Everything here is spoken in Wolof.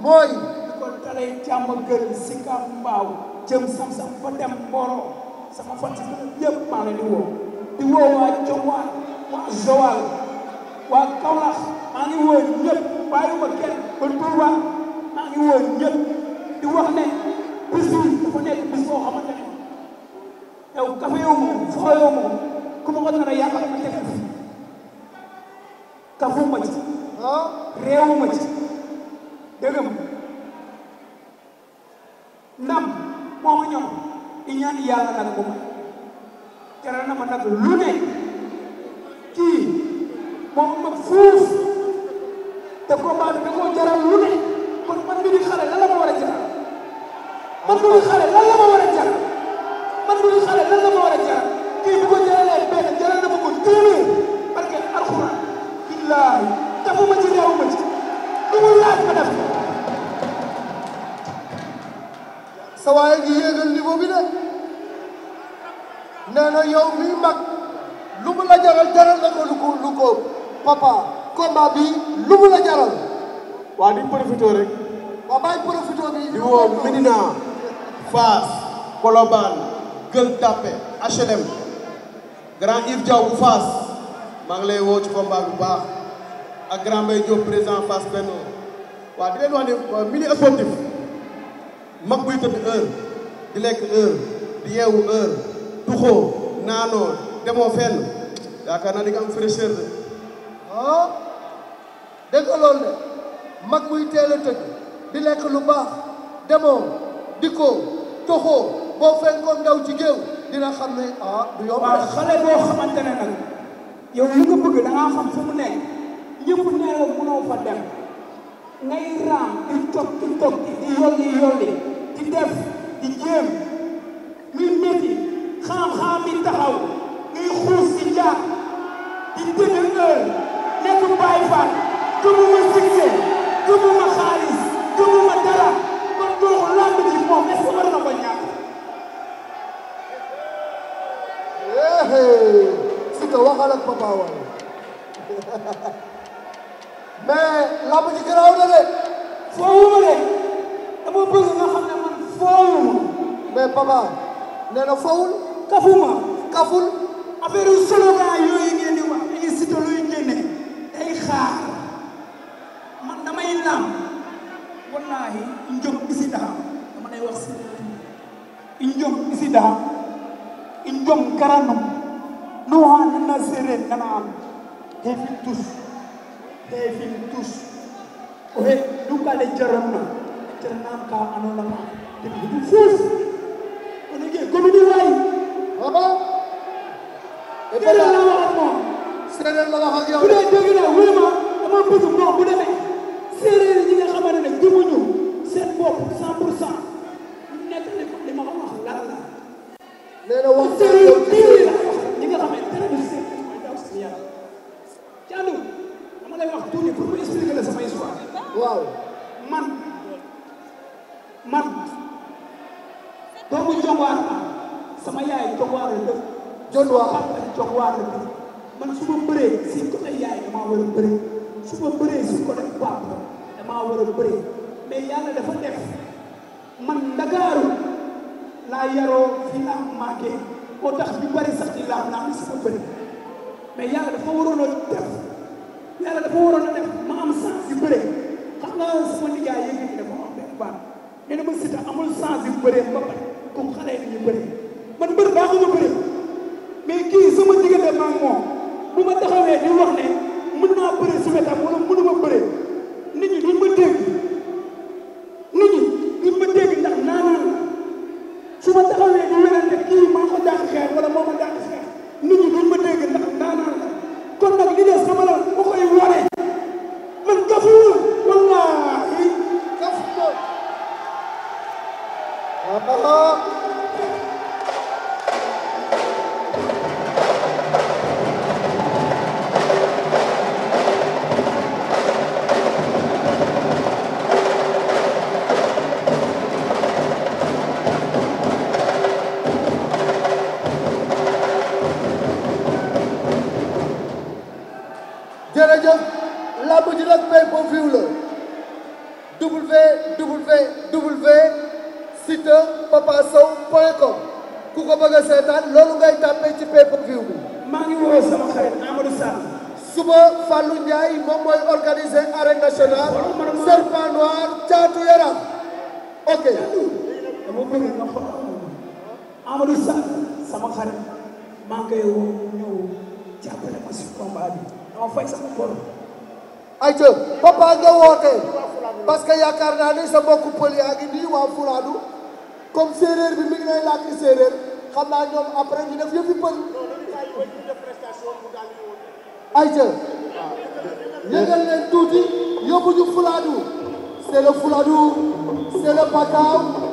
mooy li ko dalay càmm gën si kam mbaaw jëm sam-sam ba dem Mboro sama fan si dëkk yëpp maa ngi di woo di woo waa Joal waa Joal waa Kaolack maa ngi woo ñëpp bàyyiwuma kenn kon Touba maa woo ñëpp di wax ne bis bi dafa nekk bis boo xamante ne yow kafe yow moom foxo yow moom ku ma ko nar a yàqal ma teg kafuma ci ah? ci dëgëm ndam moo ma ñor di ñaan yàlla nag bu ma na ma nag lu ne kii moom ma fuuf te combat bi da koo jaral lu sa waaye ngi yéegal niveau bi de nee na yow miy mag lu mu la jaral na ko lu ko papa combat bi lu mu la waa di profité rek waa bàyyi profité bi di woo Médina Fass Colobane Gueule Tapée HLM grand Yves Diaw bu Fass maa ngi lay woo ci combat bu baax grand Mbaye Diop président Fass Benno waa di leen wax ne milieu sportif mag buy tëdd heure di lekk heure di yeewu heure tuxoo naanoo demoo fenn yaakaar naa di nga am fraîcheur de ah dégg nga de mag buy teel a tëdd di lekk lu baax demoo dikkoo tuxoo boo fekkoon ndaw ci géew dina xam ne ah du yomb waaw xale boo xamante ne nag yow li nga bëgg da xam fu mu nekk ñëpp ne la mënoo fa dem ngay raam di toog di toog di yolli yolli di def di jéem muy métti xam-xam bi taxaw ngay xuus di jaar di déglu heure nekk bàyyi faat gëmuma succès gëmuma xaalis gëmuma dara kon donc lamb ji moom est-ce na ko ñàkk. si ka waxal ak papa mais lamb ji garaaw na de. foofu dama bëgg nga xam ne man foofu mais nee na foowul. kafuma kaful. affaire yu solo yooyu ngeen ay sito luy génne day xaar damay lam wallaahi njom isi daa njom isi daa njom garanum no haa nana séeréer nana am te ɗefin tous o he ɗum ka len jaranna jarannam ka anonama debi ɗum fos onege gomini wayi hono jaranama atma séréer laga xak yow bude jogina wema ama bëgg moo bu demee séréer ñi nga xamante ne gëmuñu seen bopp cent pour cent ñu nekk li ma ko wax lan la nee na wax séréer la samay choix waaw man man doomu Jogwaar sama yaay Jogwaar la dëkk Jogwaar Jogwaar la man su ma bëree si côté yaay damaa war a bëree su ma bëree si côté papa damaa war a bëree mais yàlla dafa def man Ndakaaru laa yaroo fi laa màggee moo tax bi bari sax ci laa naan si ma bëri mais yàlla dafa waroon a def yàlla dafa waroon a def Ndiaye yëkkati ne ko am benn baat nee na ma a amul sens yu bëree ba pare comme xale yi ñu bëree man mbër baaxu ma bëree mais kii sama diggante maa moom bu ma taxawee di wax ne mën naa bëree su wetam wala mënuma bëree Modou Lo www site papa sow point com ku ko bëgg a seetaan loolu ngay tàppee ci pay-per-view bi. maa ngi woo sama xarit Amadou Sall. suba Fallou Ndiaye moom mooy organiser arène nationale. serpent noir caatu yaram. ok. dama bëgg nga xool Amadou Sall sama xarit maa ngi koy woo ñëw jàppale ma si combat bi dama fay sama borom. ay ca nga woote parce que yaakaar naa ne sa mbokku pël yaa ngi nii waa Fulaadu comme séeréer bi mi ngi làkk séeréer xam naa ñoom après ñu def yëfi pël ay ca leen tuuti yóbbu ñu Fulaadu c'est le Fulaadu c'est